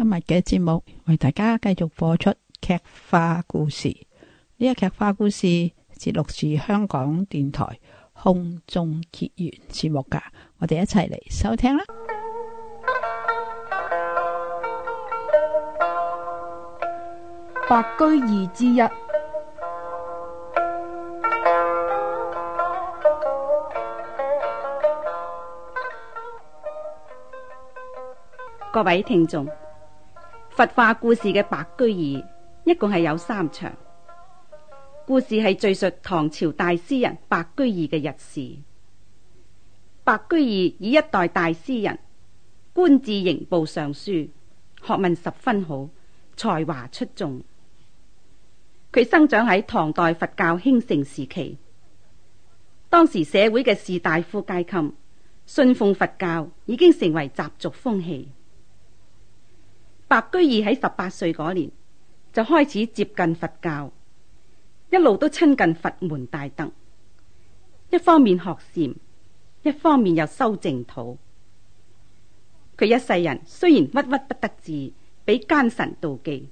今日嘅節目為大家繼續播出劇化故事，呢個劇化故事節錄自香港電台空中結緣節目噶，我哋一齊嚟收聽啦。白居易之一，各位聽眾。佛化故事嘅白居易，一共係有三場。故事係敘述唐朝大詩人白居易嘅軼事。白居易以一代大詩人，官至刑部尚書，學問十分好，才華出眾。佢生長喺唐代佛教興盛時期，當時社會嘅士大夫階級信奉佛教已經成為習俗風氣。白居易喺十八歲嗰年就開始接近佛教，一路都親近佛門大德，一方面學禪，一方面又修淨土。佢一世人雖然屈屈不得志，俾奸臣妒忌，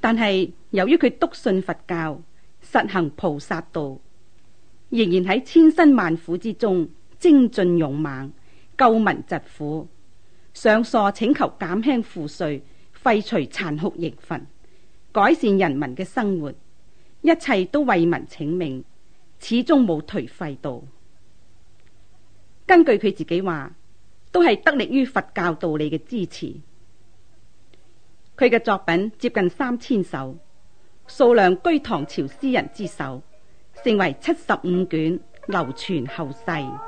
但係由於佢篤信佛教，實行菩薩道，仍然喺千辛萬苦之中精進勇猛，救民疾苦。上疏請求減輕賦稅、廢除殘酷刑罰、改善人民嘅生活，一切都為民請命，始終冇頹廢到。根據佢自己話，都係得力於佛教道理嘅支持。佢嘅作品接近三千首，數量居唐朝詩人之首，成為七十五卷，流傳後世。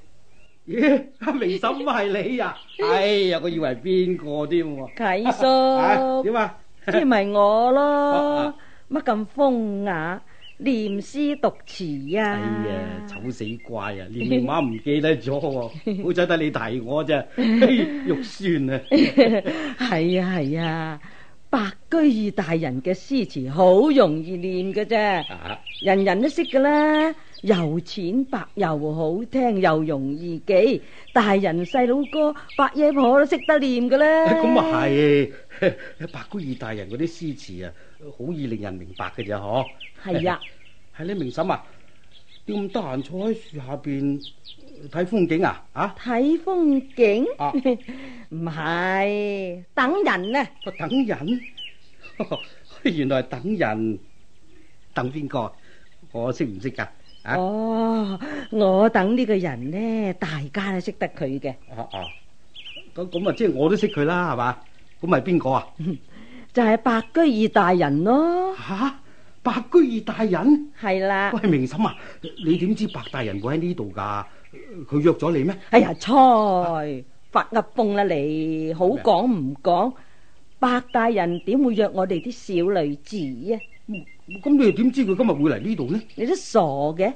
阿 明嬸係你呀、啊？哎呀，我以為邊個添喎？啟叔，點啊？即係咪我咯？乜咁風雅？念詩讀詞呀？哎呀，醜、啊 哎、死怪啊！念話唔記得咗，好彩，得你提我啫、啊，肉、 哎、酸啊， 啊！係啊係啊，白居易大人嘅詩詞好容易念嘅啫，人人都識噶啦。又淺白又好聽，又容易記，大人細佬哥、白爺婆都識得念噶啦。咁啊係，白居易大人嗰啲詩詞啊，好易令人明白嘅啫，嗬。係啊，係、啊哎、你明嬸啊，咁得閒坐喺樹下邊睇風景啊？啊？睇風景？唔係、啊，等人呢、啊啊？等人？ 原來等人，等邊個？我識唔識噶？啊、哦，我等呢個人呢，大家都識得佢嘅。哦哦，咁咁啊，即係我都識佢啦，係嘛？咁係邊個啊？啊啊嗯啊嗯、就係、是、白居易大人咯。吓、啊，白居易大人？係啦了。喂，明心啊，你點知白大人會喺呢度噶？佢約咗你咩？哎呀，菜、啊、發噏風啦你！好講唔講？麼白大人點會約我哋啲小女子啊？咁你又點知佢今日會嚟呢度呢？你都傻嘅，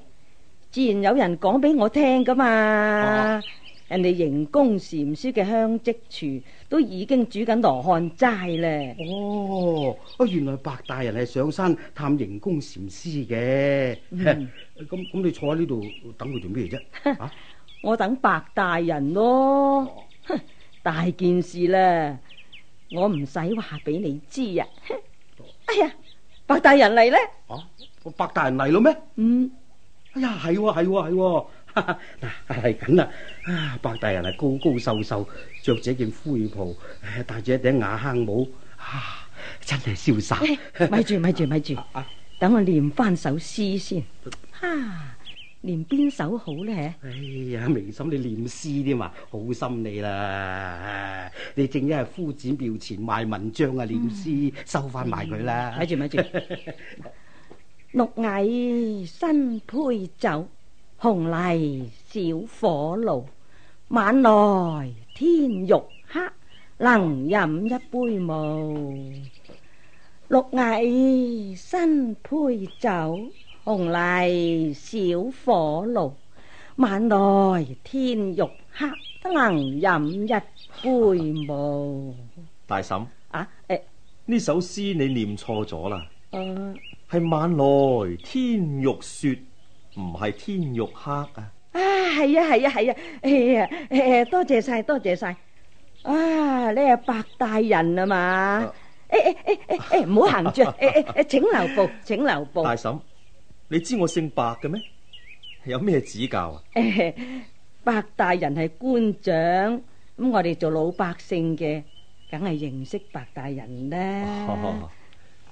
自然有人講俾我聽噶嘛。啊、人哋刑公禪師嘅香積廚都已經煮緊羅漢齋咧。哦，原來白大人係上山探刑公禪師嘅。咁咁，你坐喺呢度等佢做咩啫？啊， 我等白大人咯，啊、 大件事啦，我唔使話俾你知啊。 哎呀！白大人嚟咧？哦、啊，白大人嚟咯咩？嗯，哎呀，係喎、啊，係喎、啊，係喎、啊，嗱、啊，係咁啦。啊，白大人係高高瘦瘦，着住一件灰袍，戴、啊、住一頂瓦坑帽，啊，真係瀟灑。咪住咪住咪住，啊、等我念翻首詩先。哈、啊。念邊首好呢？哎呀，明心你念詩添嘛，好心你啦！你正一係夫子廟前賣文章啊，念詩收翻埋佢啦。咪住咪住，綠蟻新醅酒，紅泥小火爐，晚來天欲黑，能飲一杯無？綠蟻新醅酒。紅泥小火爐，晚來天欲黑，不能飲一杯無。大嬸啊，誒，呢首詩你念錯咗啦。係晚來天欲雪，唔係天欲黑啊。啊，係啊，係啊，係啊。哎呀，多謝晒，多謝晒。啊，你係白大人啊嘛。誒誒誒誒誒，唔好行住。誒誒誒，請留步，請留步。大嬸。你知我姓白嘅咩？有咩指教啊？白大人係官長，咁我哋做老百姓嘅，梗係認識白大人呢。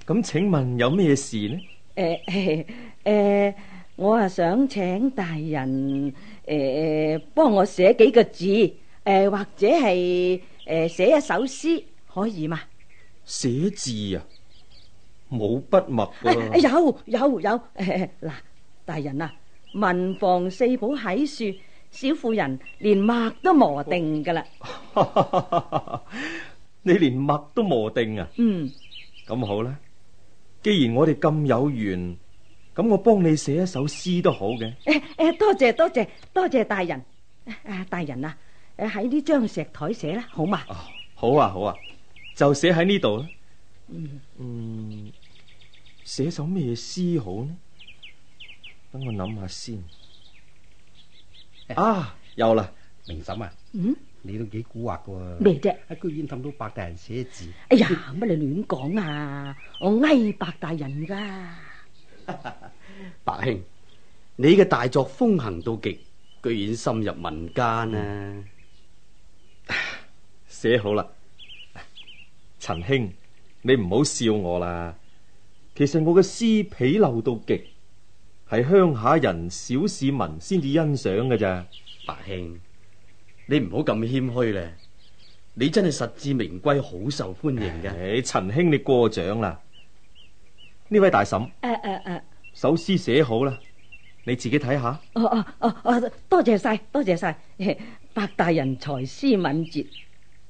咁、哦、請問有咩事呢？誒誒，誒，誒，我係想請大人誒幫我寫幾個字，誒或者係誒寫一首詩，可以嘛？寫字啊？冇筆墨噶，有有有誒！嗱，大人啊，文房四寶喺樹，小婦人連墨都磨定噶啦。你連墨都磨定啊？嗯，咁好啦，既然我哋咁有緣，咁我幫你寫一首詩都好嘅。誒誒，多謝多謝多謝大人，啊，大人啊，誒，喺呢張石台寫啦，好嘛？好啊好啊，就寫喺呢度啦。嗯嗯。寫首咩詩好呢？等我諗下先。哎、啊，有啦，明審啊，嗯、你都幾蠱惑噶？咩啫麼？居然氹到白大人寫字。哎呀，乜你亂講啊？我挨白大人噶。 白兄，你嘅大作風行到極，居然深入民間啊！寫、嗯、 好啦，陳兄，你唔好笑我啦。其實我嘅詩被陋到極，係鄉下人、小市民先至欣賞嘅咋。白兄，你唔好咁謙虛咧，你真係實至名歸，好受歡迎嘅。誒、哎，陳兄，你過獎啦。呢位大嬸，誒誒誒，首詩寫好啦，你自己睇下。哦哦哦哦，多謝晒，多謝晒，白大人才思敏捷，誒、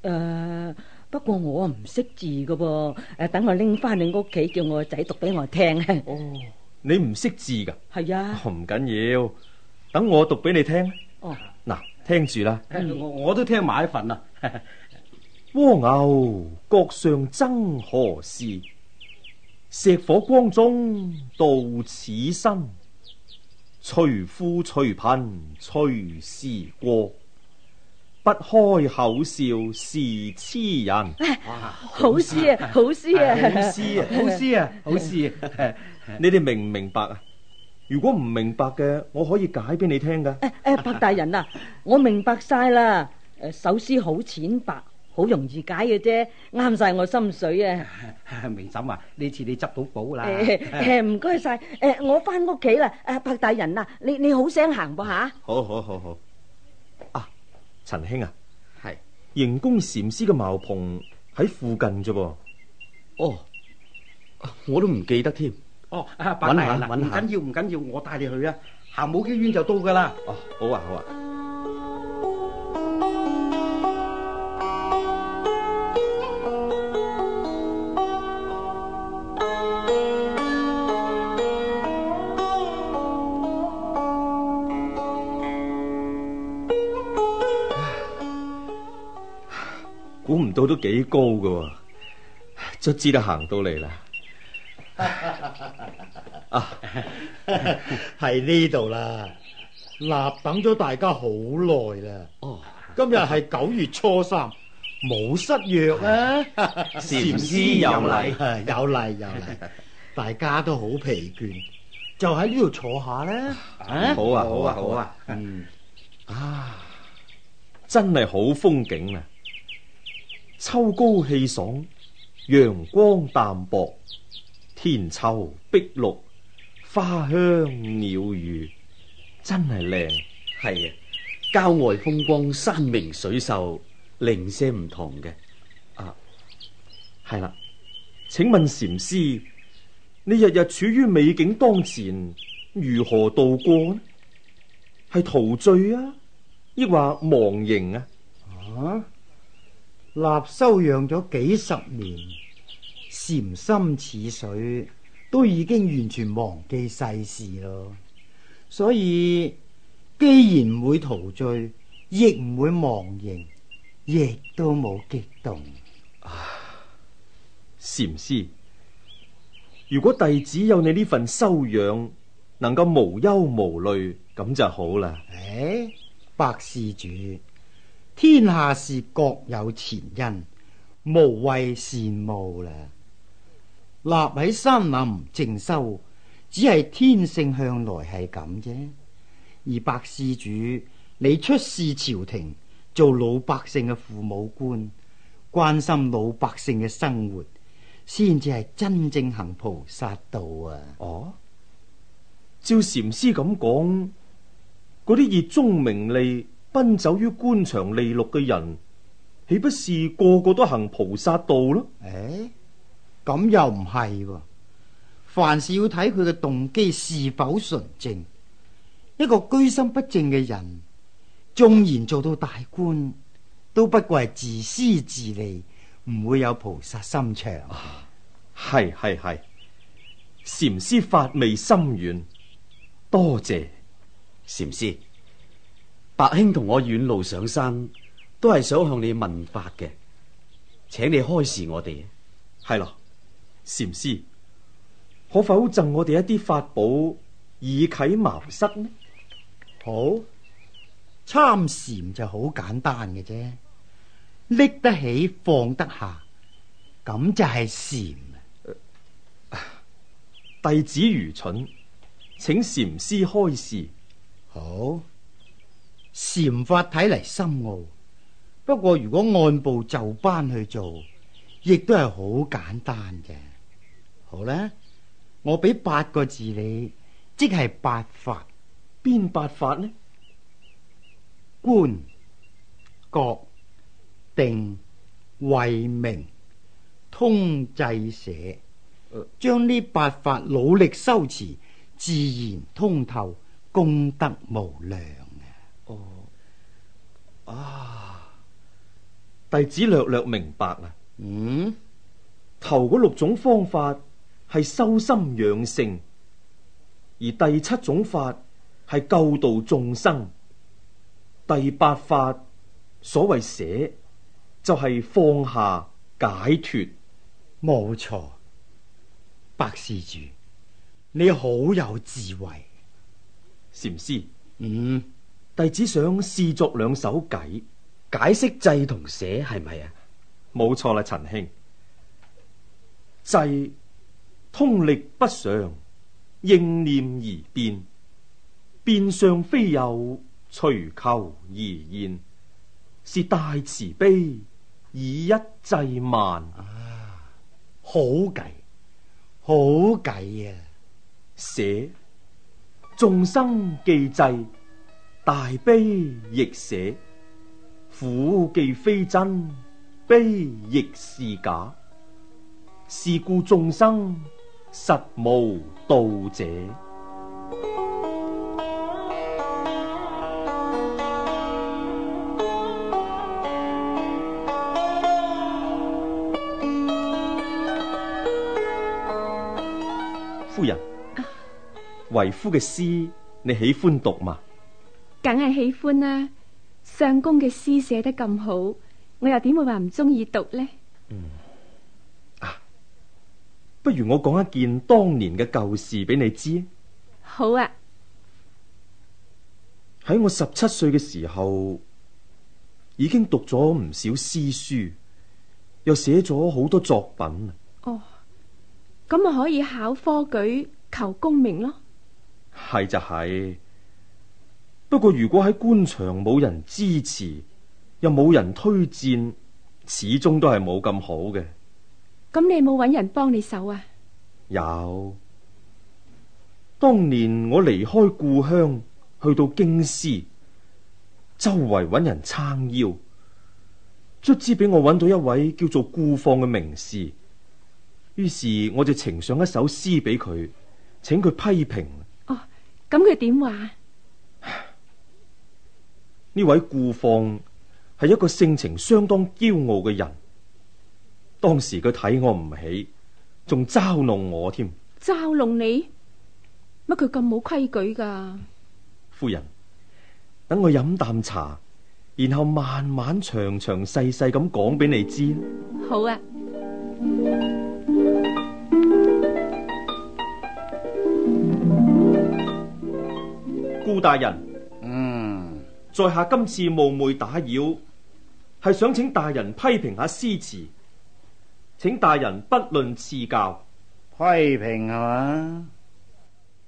呃。不過我唔識字噶噃，誒、啊，等我拎翻，你屋企，叫我個仔讀俾我聽。哦，你唔識字噶？係啊，唔緊要，等我讀俾你聽。哦，嗱、啊，聽住啦、嗯。我都聽埋一份啦。蝸 牛角上爭何事？石火光中度此身。隨富隨貧隨時過，不開口笑是癡人，哇！好詩啊，好詩啊， 啊，好詩啊，好詩啊，好詩！你哋明唔明白啊？如果唔明白嘅，我可以解俾你聽噶。誒誒、哎哎，白大人啊，我明白晒啦。誒，首詩好淺白，好容易解嘅啫，啱晒我心水啊！ 明嬸啊，呢次你執到寶啦！唔該晒。誒、哎哎，我返屋企啦。誒、啊，白大人啊，你你好聲行噃吓。好好好好。好好陳兄啊，係凝公禪師嘅茅棚喺附近啫噃。哦，我都唔記得添。哦，阿伯，唔緊要，唔緊要，我帶你去啊，行冇幾遠就到噶啦。哦，好啊，好啊。估唔到都幾高噶，卒之都行到嚟啦。啊，喺呢度啦，立等咗大家好耐啦。哦，今日係九月初三，冇失約啊！禪 師有禮，有禮，有禮，大家都好疲倦，就喺呢度坐下啦、 啊。好啊，好啊，好啊。 嗯，啊 真係好風景啊！秋高氣爽，陽光淡薄，天秋碧綠，花香鳥語，真係靚。係啊，郊外風光，山明水秀，零舍唔同嘅。啊，係啦，啊，請問禪師，你日日處於美景當前，如何度過呢？係陶醉啊，抑或忘形啊？啊？立修養咗幾十年，禪心似水，都已經完全忘記世事咯。所以，既然唔會陶醉，亦唔會忘形，亦都冇激動。啊，禪師，如果弟子有你呢份修養，能夠無憂無慮，咁就好啦。誒，哎，白施主。天下事各有前因，無謂羨慕啦。立喺山林靜修，只係天性向來係咁啫。而白施主，你出仕朝廷，做老百姓嘅父母官，關心老百姓嘅生活，先至係真正行菩薩道啊！哦，照禪師咁講，嗰啲熱衷名利。奔走於官場利祿嘅人，豈不是個個都行菩薩道咯？誒、欸，咁又唔係，啊，凡事要睇佢嘅動機是否純正。一個居心不正嘅人，縱然做到大官，都不過係自私自利，唔會有菩薩心腸。係係係，禪師發微心軟，多謝禪師。是白兄同我遠路上山，都係想向你問法嘅，請你開示我哋。係咯，禪師，可否贈我哋一啲法寶以啟茅塞呢？好，參禪就好簡單嘅啫，拎得起放得下，咁就係禪。呃，弟子愚蠢，請禪師開示。好。禪法睇嚟深奧，不過如果按部就班去做，亦都係好簡單嘅。好啦，我俾八個字你，即係八法，邊八法呢？觀、覺、定、慧、明、通制社、濟、捨，將呢八法努力修持，自然通透，功德無量。啊！弟子略略明白啦。嗯，頭嗰六種方法係修心養性，而第七種法係救度眾生。第八法所謂捨，就係、是、放下解脫。冇錯，白施主，你好有智慧，禪師。嗯。弟子想試作兩首偈，解釋制同寫係咪啊？冇錯啦，陳兄，制通力不常，應念而變，變相非有，隨求而現，是大慈悲，以一制萬。啊，好計，好計啊！寫眾生記制。大悲亦捨，苦既非真，悲亦是假。是故眾生實無道者。夫人，啊、為夫嘅詩你喜歡讀嗎？梗係喜歡啦，相公嘅詩寫得咁好，我又點會話唔中意讀呢？嗯，啊，不如我講一件當年嘅舊事俾你知。好啊，喺我十七歲嘅時候，已經讀咗唔少詩書，又寫咗好多作品。哦，咁咪可以考科舉求功名咯。係就係，是。不過如果喺官場冇人支持，又冇人推薦，始終都係冇咁好嘅。咁你有冇揾人幫你手啊？有，當年我離開故鄉去到京師，周圍揾人撐腰，卒之俾我揾到一位叫做顧放嘅名士，於是我就呈上一首詩俾佢，請佢批評。哦，咁佢點話？呢位顧放係一個性情相當驕傲嘅人，當時佢睇我唔起，仲嘲弄我添。嘲弄你？乜佢咁冇規矩噶？夫人，等我飲啖茶，然後慢慢長長細細咁講俾你知。好啊。顧大人。在下今次冒昧打擾，係想請大人批評下詩詞，請大人不論賜教。批評係嘛？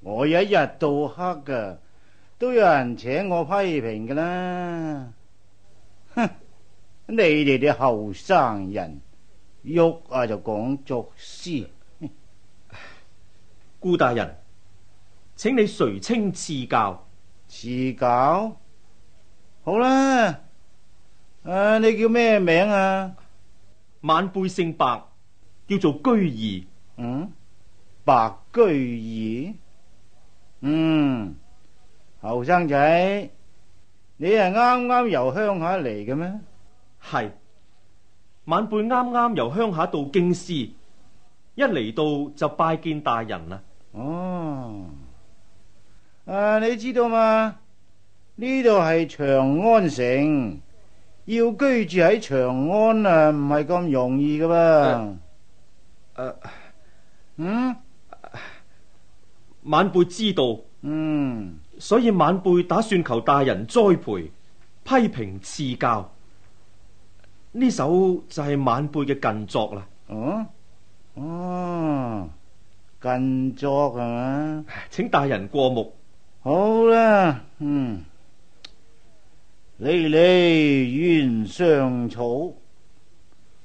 我一日到黑噶都有人請我批評噶啦。哼，你哋啲後生人喐啊就講，就講作詩。顧大人，請你垂青賜教。賜教。好啦，誒、啊，你叫咩名啊？晚輩姓白，叫做居易。嗯，白居易。嗯，後生仔，你係啱啱由鄉下嚟嘅咩？係，晚輩啱啱由鄉下到京師，一嚟到就拜見大人啦。哦，誒、啊，你知道嘛？呢度係長安城，要居住喺長安啊，唔係咁容易噶噃。嗯，啊、晚輩知道，嗯，所以晚輩打算求大人栽培、批評、賜教。呢首就係晚輩嘅近作啦。哦，哦，近作係、啊、嘛？請大人過目。好啦，嗯。離離原上草，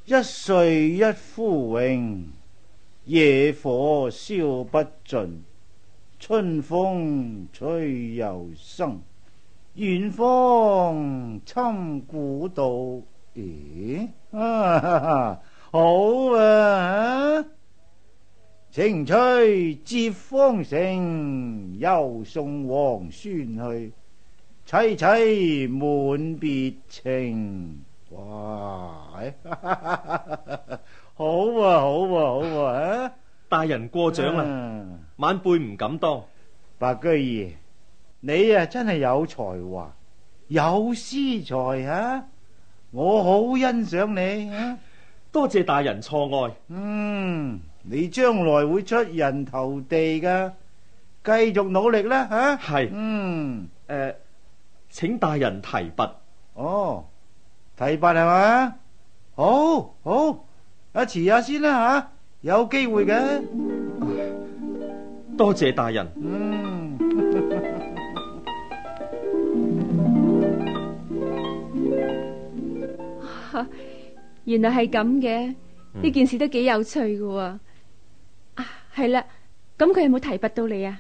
一歲一枯榮。野火燒不盡，春風吹又生。遠芳侵古道，咦啊， 好啊！晴、啊、翠接荒城，又送王孫去。淒淒滿別情，哇！好啊，好啊，好啊！大人過獎啦，晚輩唔敢當。白居易，你啊真係有才華，有詩才啊！我好欣賞你啊。多謝大人錯愛。嗯，你將來會出人頭地噶，繼續努力啦吓。係。嗯，誒。請大人提拔。哦，提拔係嘛，好好，啊遲下先啦吓，有機會嘅。多謝大人。嗯。原來係咁嘅，呢件事都幾有趣嘅。啊，係啦，咁佢有冇提拔到你啊？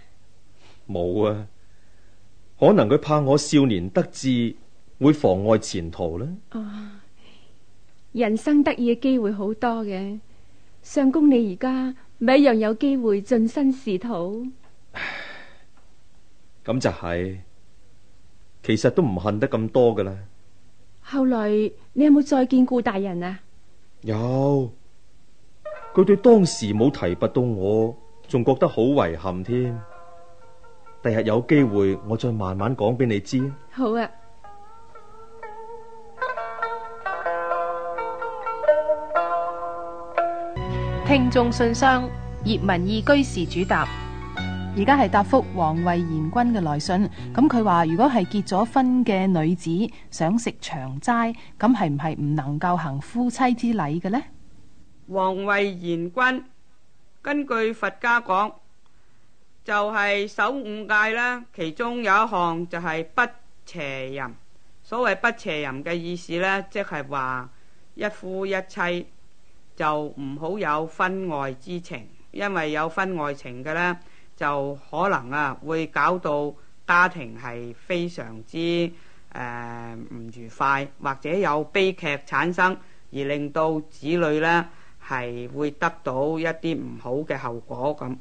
冇啊。可能佢怕我少年得志會妨礙前途呢。哦，人生得意嘅機會好多嘅，相公你而家咪一樣有機會晉身仕途。咁就係、是，其實都唔恨得咁多噶啦。後來你有冇再見顧大人啊？有，佢哋當時冇提拔到我，仲覺得好遺憾添。第日有機會，我再慢慢講俾你知。好啊。聽眾信箱，葉文義居士主答。而家係答覆王慧賢君嘅來信。咁佢話，如果係結咗婚嘅女子想食長齋，咁係唔係唔能夠行夫妻之禮嘅呢？王慧賢君，根據佛家講。就係守五戒啦，其中有一項就係不邪淫。所謂不邪淫嘅意思呢，即係話一夫一妻就唔好有婚外之情，因為有婚外情嘅呢，就可能啊會搞到家庭係非常之誒唔、呃、愉快，或者有悲劇產生，而令到子女呢係會得到一啲唔好嘅後果咁。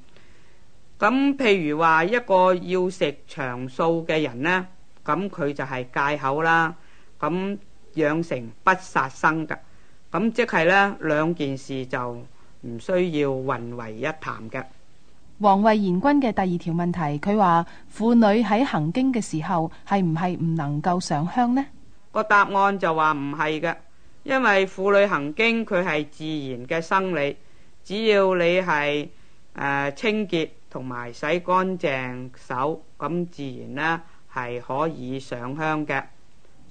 咁譬如話一個要食長素嘅人呢，咁佢就係戒口啦。咁養成不殺生噶，咁即係呢兩件事就唔需要混為一談嘅。王衛賢君嘅第二條問題，佢話婦女喺行經嘅時候係唔係唔能夠上香呢？個答案就話唔係嘅，因為婦女行經佢係自然嘅生理，只要你係誒、呃、清潔。同埋洗乾淨手，咁自然呢係可以上香嘅。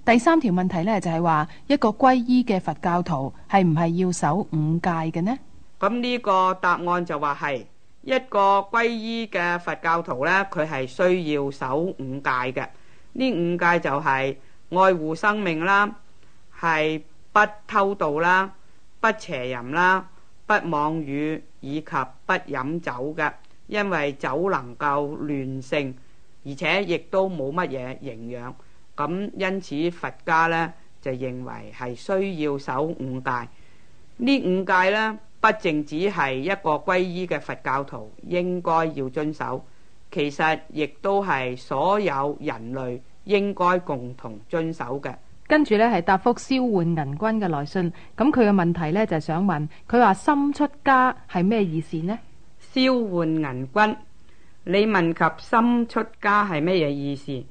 第三條問題呢，就係、是、話，一個皈依嘅佛教徒係唔係要守五戒嘅呢？咁呢、嗯，這個答案就話係一個皈依嘅佛教徒呢，佢係需要守五戒嘅。呢五戒就係愛護生命啦，係不偷盜啦，不邪淫啦，不妄語以及不飲酒嘅。因為酒能夠亂性，而且亦都冇乜嘢營養，咁因此佛家呢就認為係需要守五戒。呢五戒呢，不淨只係一個皈依嘅佛教徒應該要遵守，其實亦都係所有人類應該共同遵守嘅。跟住呢係答覆消緩銀軍嘅來信，咁佢嘅問題呢，就係、想問，佢話心出家係咩意思呢？召喚銀軍，你問及心出家係咩嘢意思？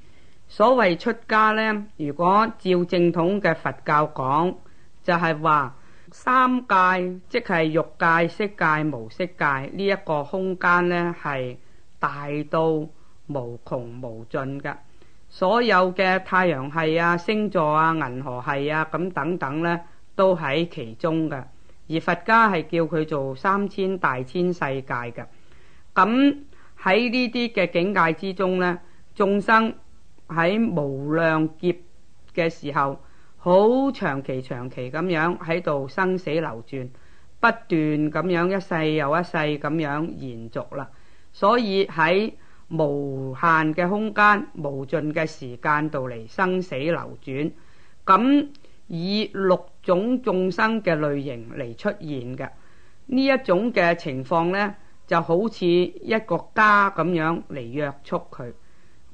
所謂出家呢，如果照正統嘅佛教講，就係話三界，即係欲界、色界、無色界呢一個空間呢，係大到無窮無盡嘅，所有嘅太陽系啊、星座啊、銀河系啊咁等等呢，都喺其中嘅。而佛家係叫佢做三千大千世界嘅，咁喺呢啲嘅境界之中呢，眾生喺無量劫嘅時候，好長期長期咁樣喺度生死流轉，不斷咁樣一世又一世咁樣延續啦。所以喺無限嘅空間、無盡嘅時間度嚟生死流轉，咁以六種眾生嘅類型嚟出現嘅呢一種嘅情況呢，就好似一個家咁樣嚟約束佢。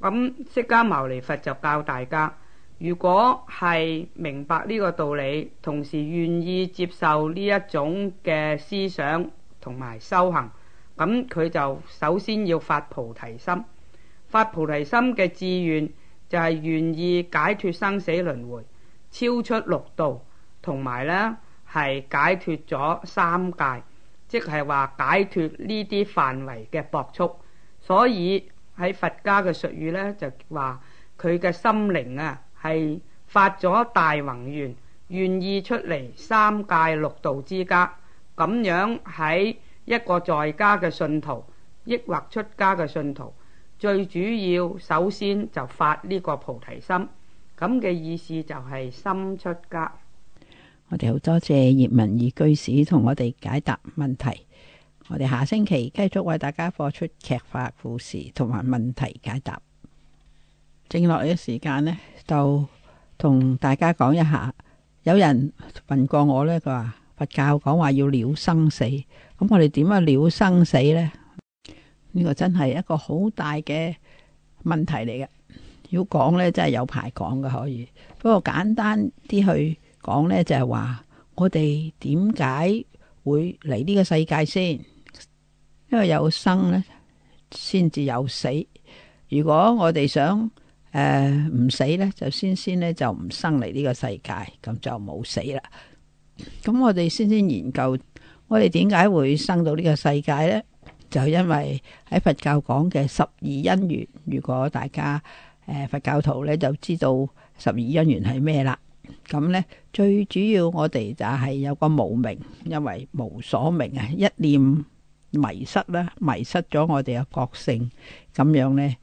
咁、嗯、釋迦牟尼佛就教大家，如果係明白呢個道理，同時願意接受呢一種嘅思想同埋修行，咁、嗯、佢就首先要發菩提心。發菩提心嘅志願就係願意解脱生死輪迴，超出六道。同埋咧，係解脱咗三界，即係話解脱呢啲範圍嘅搏促。所以喺佛家嘅術語呢，就話佢嘅心靈啊，係發咗大宏願，願意出嚟三界六道之家。咁樣喺一個在家嘅信徒，抑或出家嘅信徒，最主要首先就發呢個菩提心。咁嘅意思就係心出家。我哋好多謝葉文義居士同我哋解答問題。我哋下星期繼續為大家播出劇法故事同埋問題解答。剩落嚟嘅時間呢，就同大家講一下。有人問過我呢，佢話佛教講話要了生死，咁我哋點樣了生死呢？呢個真係一個好大嘅問題嚟嘅，如果講呢，真係有排講嘅可以。不過簡單啲去，講呢就係話我哋點解會嚟呢個世界先？因為有生呢，先至有死。如果我哋想誒唔死呢，就先先呢，就唔生嚟呢個世界，咁就冇死啦。咁我哋先先研究，我哋點解會生到呢個世界呢？就因為喺佛教講嘅十二因緣。如果大家誒佛教徒呢，就知道十二因緣係咩啦，咁呢。最主要我哋就係有個無明，因為無所明啊，一念迷失啦，迷失咗我哋嘅覺性，咁樣咧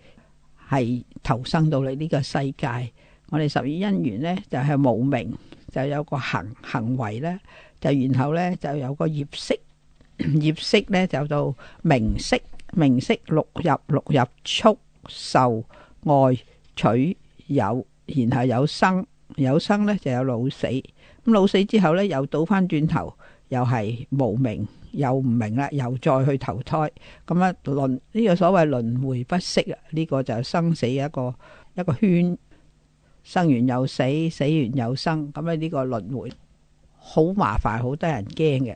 係投生到嚟呢個世界。我哋十二因緣咧就係無明，就有個行行為咧，就然後咧就有個業識，業識咧就到名色，名色、六入、六入、觸、受、愛、取、有，然後有生。有生咧就有老死，咁老死之後咧又倒翻轉頭，又係無明，又唔明啦，又再去投胎，咁啊輪呢個所謂輪回不息啊，呢、這個就生死一個一個圈，生完又死，死完又生，咁咧呢個輪回好麻煩，好得人驚嘅。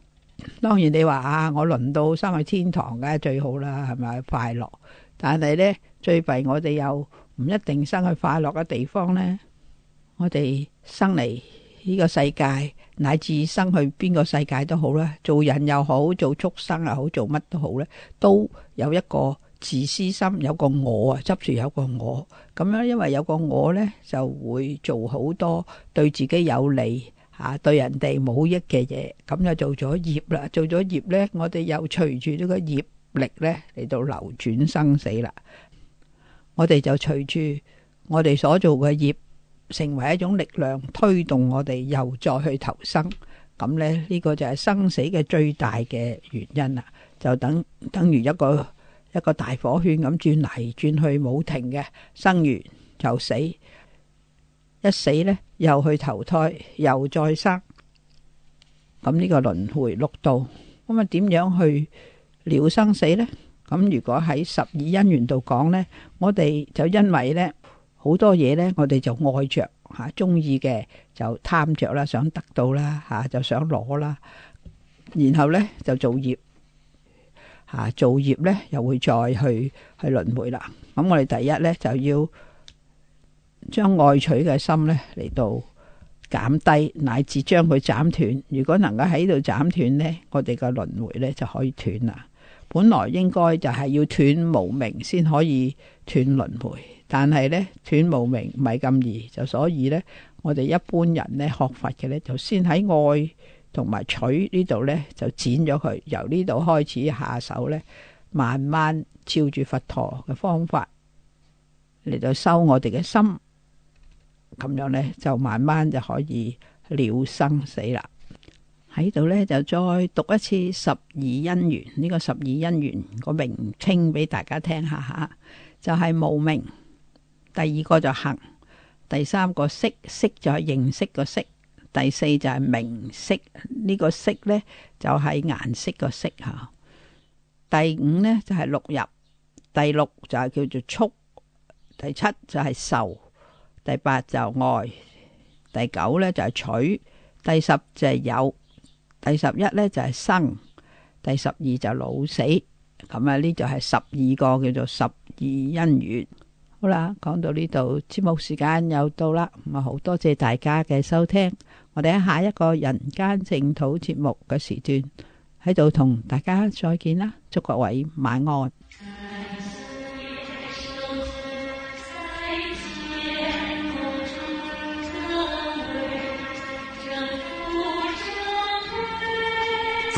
當然你話啊，我輪到生去天堂梗係最好啦，係咪快樂？但係咧最弊我哋又唔一定生去快樂嘅地方咧。我哋生嚟呢個世界，乃至生去邊個世界都好啦。做人又好，做畜生又好，做乜都好咧，都有一個自私心，有個我啊，執住有個我咁樣。因為有個我咧，就會做好多對自己有利吓，對人哋冇益嘅嘢。咁就做咗業啦，做咗業咧，我哋又隨住呢個業力咧嚟到流轉生死啦。我哋就隨住我哋所做嘅業。成為一種力量，推動我哋又再去投生。咁呢，呢個就係生死嘅最大嘅原因啦。就等等於一個一個大火圈咁轉嚟轉去冇停嘅，生完就死，一死呢又去投胎，又再生。咁呢個輪迴六道，咁啊點樣去了生死呢？咁如果喺十二因緣度講呢，我哋就因為呢。好多嘢呢，我哋就愛着，吓中意嘅就貪着啦，想得到啦，吓就想攞啦，然後呢就造業，吓造業呢又會再去去輪回啦。咁我哋第一呢就要將愛取嘅心呢嚟到減低，乃至將佢斬斷。如果能夠喺度斬斷呢，我哋嘅輪回呢就可以斷啦。本來應該就係要斷無明先可以斷輪迴，但係呢，斷無明唔係咁易，就所以呢，我哋一般人呢學佛嘅呢，就先喺愛同埋取呢度呢，就剪咗佢，由呢度開始下手呢，慢慢照住佛陀嘅方法嚟到修我哋嘅心，咁樣呢，就慢慢就可以了生死啦。喺度呢，就再讀一次十二因緣呢個十二因緣個名稱俾大家聽下吓，就係、是、無明」。第二個就行，第三個識」，「識」就係認識個識」。第四就係名色」這。呢個色」呢，就係顏色個色」。吓，第五呢，就係六入，第六就係叫做觸」。第七就係受，第八就愛，第九呢，就係取，第十就係有。第十一呢就係生，第十二就老死，咁啊呢就係十二個叫做十二因緣。好啦，講到呢度節目時間又到啦，咁啊好多謝大家嘅收聽，我哋喺下一個人間淨土節目嘅時段喺度同大家再見啦，祝各位晚安。